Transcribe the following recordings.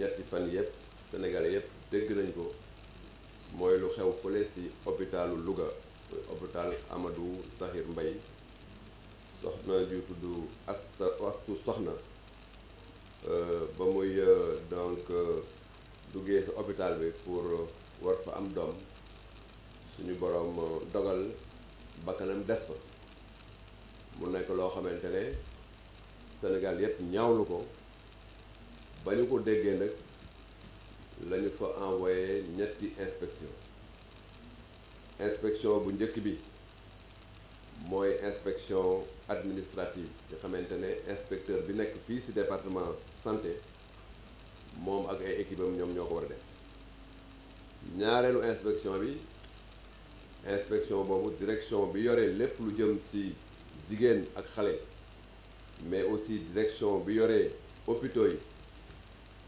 ñetti fan yëpp Sénégalais yëpp dégg nañ ko mooy lu xew fële si hôpitalu Louga muy amadu Amadou mbay Mbaye soxna ju tudd asta astu soxna euh, ba muy euh, donc euh, duggee sa hôpital bi pour war fa am doom suñu boroom dogal bakkanam des fa mu nekk loo xamante ne Sénégal yëpp ñaawlu ko ba ko déggee nag la ñu fa envoyé ñetti inspection inspection bu ñëk bi moy inspection administrative nga xamantene inspecteur bi nekk fii ci département santé mom ak ay équipe am ñom ñoko wara def inspection bi inspection boobu direction bi yoré lépp lu jëm ci jigéen ak xalé mais aussi direction bi yoré hôpitaux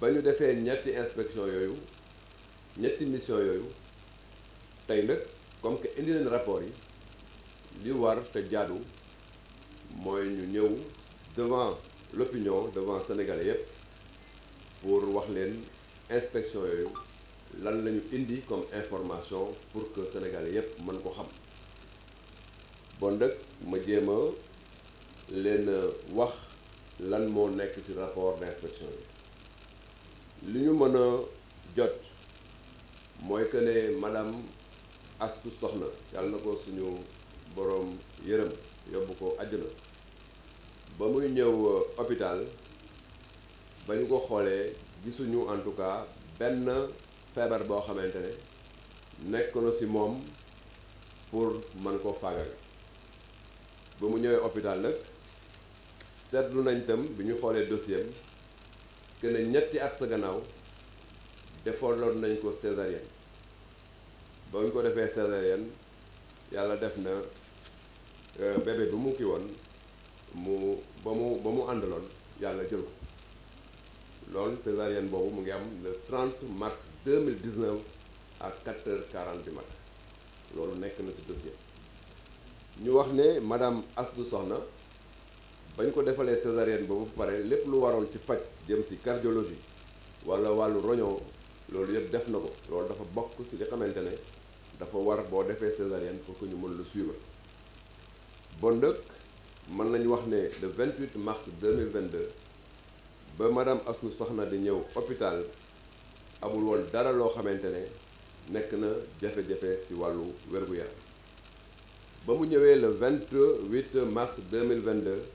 ba ñu defee ñetti inspection yooyu ñetti mission yooyu tey nag comme que indi leen rapport yi li war te jaadu mooy ñu ñëw devant l'opinion devant sénégalais yépp pour wax leen inspection yooyu lan lañu indi comme information pour que sénégalais yépp mën ko xam bon nag ma jéem a leen wax lan moo nekk ci rapport d'inspection yi li ñu mën a jot mooy que ne madame astu Sokhna yàlla na ko suñu boroom yërëm yóbbu ko àjjana ba muy ñëw euh, hôpital ba ñu ko xoolee gisuñu en tout cas benn feebar boo xamante ne nekk na ci moom pour mën ko faagal ba mu ñëwee hôpital nag seetlu nañ tam bi ñu xoolee dossier que ne ñetti at sa gannaaw defaloon nañ ko césarienne ba ñu ko defee césarienne yàlla def na euh, bébé bi mu ki woon mu ba mu ba mu àndaloon yàlla jël ko loolu césarienne boobu mu ngi am le 30 mars 2019 à 4 heures 40 du matin loolu nekk na ci dossier ñu wax ne madame Astou Sokhna bañ ko defalee césarienne ba bu pare lépp lu waroon ci faj jëm ci cardiologie wala wàllu roño loolu yëpp def na ko loolu dafa bokk ci li xamante ne dafa war boo defee césarienne pour que ñu mën lu suivre bon nag mën nañu wax ne le 28 mars 2022 ba madame Astou soxna di ñëw hôpital amul woon dara loo xamante ne nekk na jafe-jafe ci wàllu wér-gu-yaram ba mu ñëwee le 28 mars 2022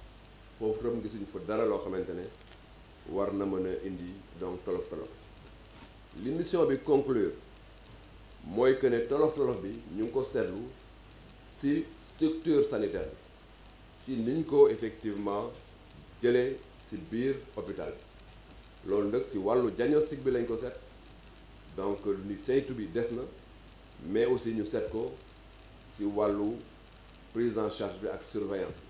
foofu itam gisuñu fa dara loo xamante ne war na mën a indi donc tolof tolof l'émission bi conclure mooy que ne tolof tolof bi ñu ngi ko seetlu ci structure sanitaire si ci niñ ko effectivement jëlee ci biir hôpital bi loolu nag ci wàllu diagnostic bi lañ ko seet donc ni saytu bi des na mais aussi ñu seet ko ci wàllu prise en charge bi ak surveillance bi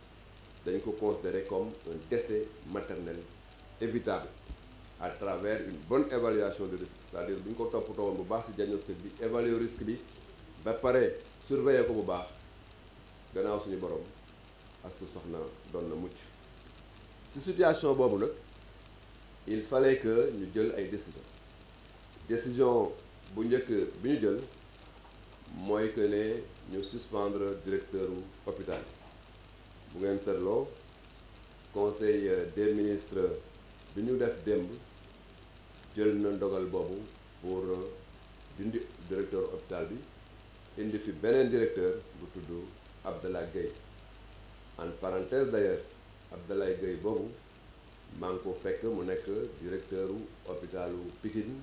dañu ko considérer comme un décès maternel évitable à travers une bonne évaluation du risque c'est-à-dire bu ñu ko toppatoo woon bu baax ci diagnostic bi évaluer risque bi ba pare surveiller ko bu baax gannaaw suñu borom astu soxna doon na mucc ci situation boobu nag il fallait que nous jël ay décision décision bu nous bi ñu jël mooy que nous ñu suspendre directeur hôpital bu ngeen seetloo conseil euh, des ministre bi ñu def démb jël na ndogal boobu pour euh, dindi directeur hôpital bi indi fi beneen directeur bu tudd Abdallah Gueye en parenthèse d'ailleurs Abdallah Gueye boobu maa ngi ko fekk mu nekk directeuru hôpitalu Pikine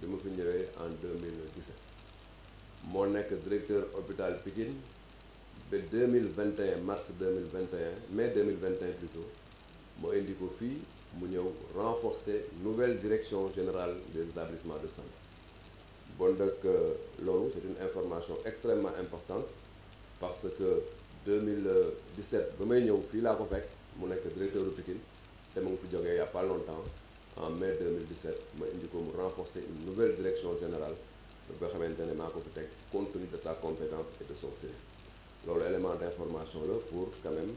bi ma fi ñëwee en 2017 moo nekk directeur hôpital Pikine Mais 2021 mars 2021 mai 2021 plutôt que indi ko renforcé mu nouvelle direction générale des établissements de santé bon donc euh, c'est une information extrêmement importante parce que 2017 je suis ñëw fii ko mu directeur u et je suis suis dit qu'il n'y a pas longtemps en mai 2017 ma indi je mu renforcer une nouvelle direction générale pour nga compte tenu de sa compétence et de son sérieux loolu élément d'information là pour quand même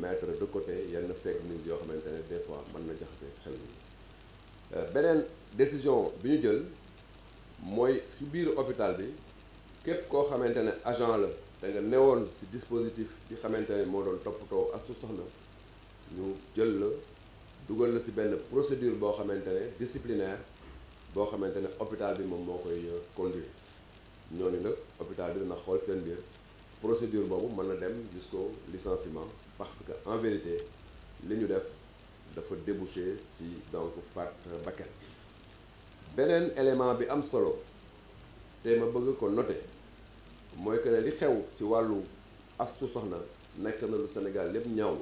mettre de côté yenn fake news yoo des fois man na jaxé xel euh, bi benen décision biñu ñu jël mooy si biir hôpital bi képp koo xamante ne agent la da nga newoon si dispositif bi xamante ne moo doon toppatoo astu soxna ñu jël la dugal la si benn procédure boo xamante ne disciplinaire boo xamante ne hôpital bi moom moo koy euh, conduire ñooñu nag hôpital bi dana xool seen biir procédure bobu mën na dem jusqu'au licenciement parce que en vérité li ñu def dafa déboucher si donc fat bakkan benen élément bi am solo té ma bëgg ko noter moy que li xew si walu astu soxna nek na lu Sénégal lépp ñaaw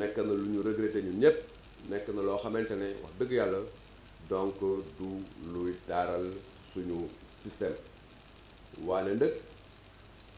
nek na lu ñu regretter ñun ñëpp nek na lo xamante wax dëgg yalla donc du luy taaral suñu système wala ndëkk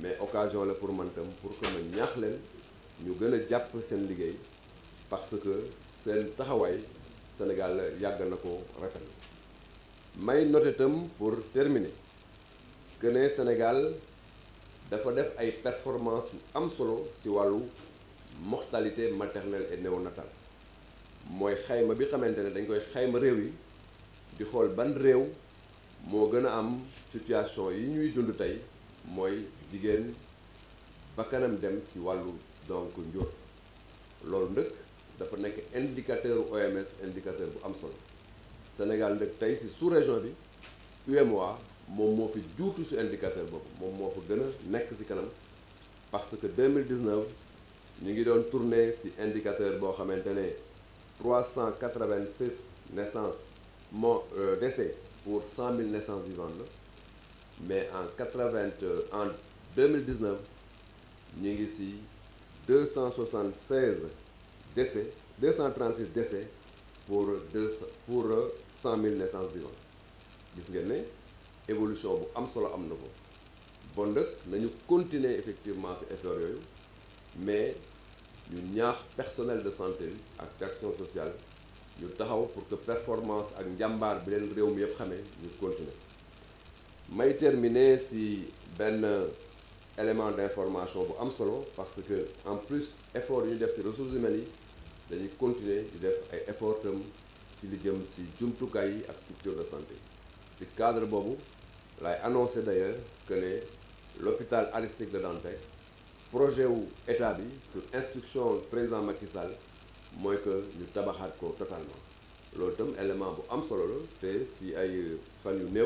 mais occasion pour pour que nous ñaax leen ñu gën a jàpp parce que seen taxawaay Sénégal yàgg na ko pour terminer que le Sénégal dafa def ay performance am solo mortalité maternelle et néonatale Je xayma bi xamante ne dañ koy xayma réew yi di ban am situation yi ñuy moy digène bakanam dem ci walu donc ndior lolou ndëkk dafa nek indicateur OMS indicateur bu am solo Sénégal ndëkk tay ci sous région bi UMOA mom moo fi juutu si indicateur bop mom moo fa gën a nekk parce que 2019 ñi ngi doon tourner l'indicateur indicateur maintenir xamantene 386 naissances euh, décès pour 100 000 naissances vivantes mais en 2019 nous avons ci 276 décès 236 décès pour pour 100 000 naissances vivantes gis ngeen évolution bu am solo am bon continuons effectivement ces efforts, mais mais ñu ñaax personnel de santé et d'action sociale pour que performance ak njàmbaar bi leen je vais terminer si un élément d'information pour am parce que en plus effort de ñu ressources humaines je continuer à faire effort si li structures si ak structure de santé Ce cadre là l'a annoncé d'ailleurs que l'hôpital aristique de Dante projet ou état bi sur instruction président Macky Sall moins que le tabaxaat ko totalement L'autre élément pour am c'est si si ay fan yu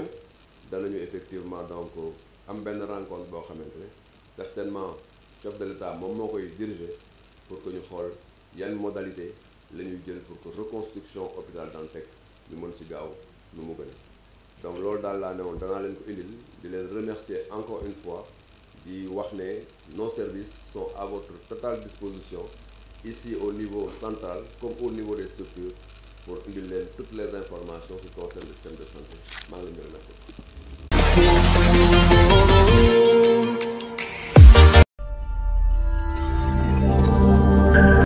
danañu effectivement donc am benn rencontre Certainement, le certainement chef de l'État m'a dirigé pour que nous xool une modalité a une pour que reconstruction hôpital Dantec du mën nous donc lors de la nous, les remercier encore une fois di wax nos services sont à votre totale disposition ici au niveau central comme au niveau des structures pour indil donner toutes les informations qui concernent le système de santé Merci.